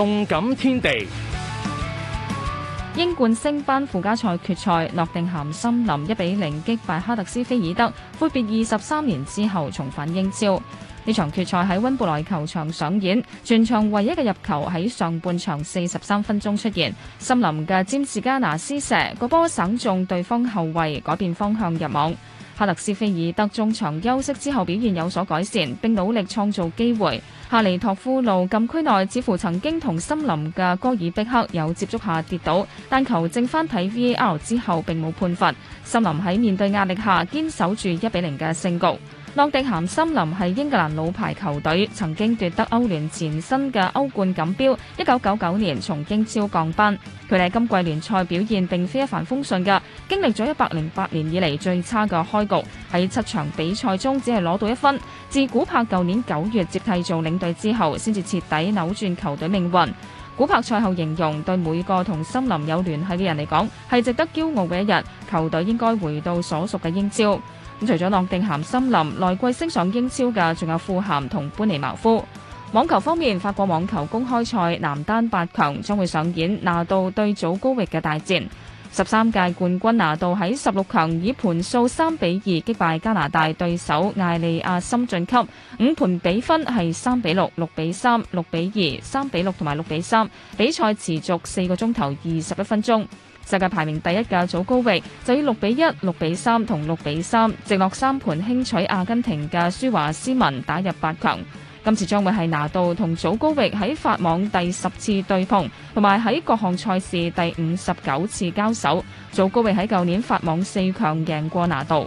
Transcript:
動感天地，英冠升班附加賽決賽，諾定咸森林一比零擊敗哈特斯菲爾德，闊別二十三年之後重返英超。呢場決賽喺溫布萊球場上演，全場唯一嘅入球喺上半場四十三分鐘出現，森林嘅詹士加拿斯射，個波省中對方後衛，改變方向入網。哈特斯菲爾德中場休息之後表現有所改善，並努力創造機會。夏利托富路禁區內似乎曾經同森林嘅戈爾碧克有接觸，下跌倒，但球證翻睇 VAR 之後並冇判罰。森林喺面對壓力下堅守住一比零嘅勝局。諾定咸森林係英格蘭老牌球隊，曾經奪得歐聯前身嘅歐冠錦標。一九九九年從英超降班，佢哋今季聯賽表現並非一帆風順嘅，經歷咗一百零八年以嚟最差嘅開局，喺七場比賽中只係攞到一分。自古柏舊年九月接替做領隊之後，先至徹底扭轉球隊命運。古柏賽後形容，對每個同森林有聯繫嘅人嚟講，係值得驕傲嘅一日。球隊應該回到所屬嘅英超。除咗諾定咸森林，來季升上英超嘅仲有富咸同潘尼茅夫。網球方面，法國網球公開賽男單八強將會上演拿度對祖高域嘅大戰。十三屆冠軍拿度喺十六強以盤數三比二擊敗加拿大對手艾利亞森晉級。五盤比分係三比六、六比三、六比二、三比六同埋六比三。比賽持續四個鐘頭二十一分鐘。世界排名第一嘅祖高域就以六比一、六比三同六比三，直落三盤輕取阿根廷嘅舒華斯文，打入八強，今次將會係拿度同祖高域喺法網第十次對碰，同埋喺各項賽事第五十九次交手。祖高域喺舊年法網四強贏過拿度。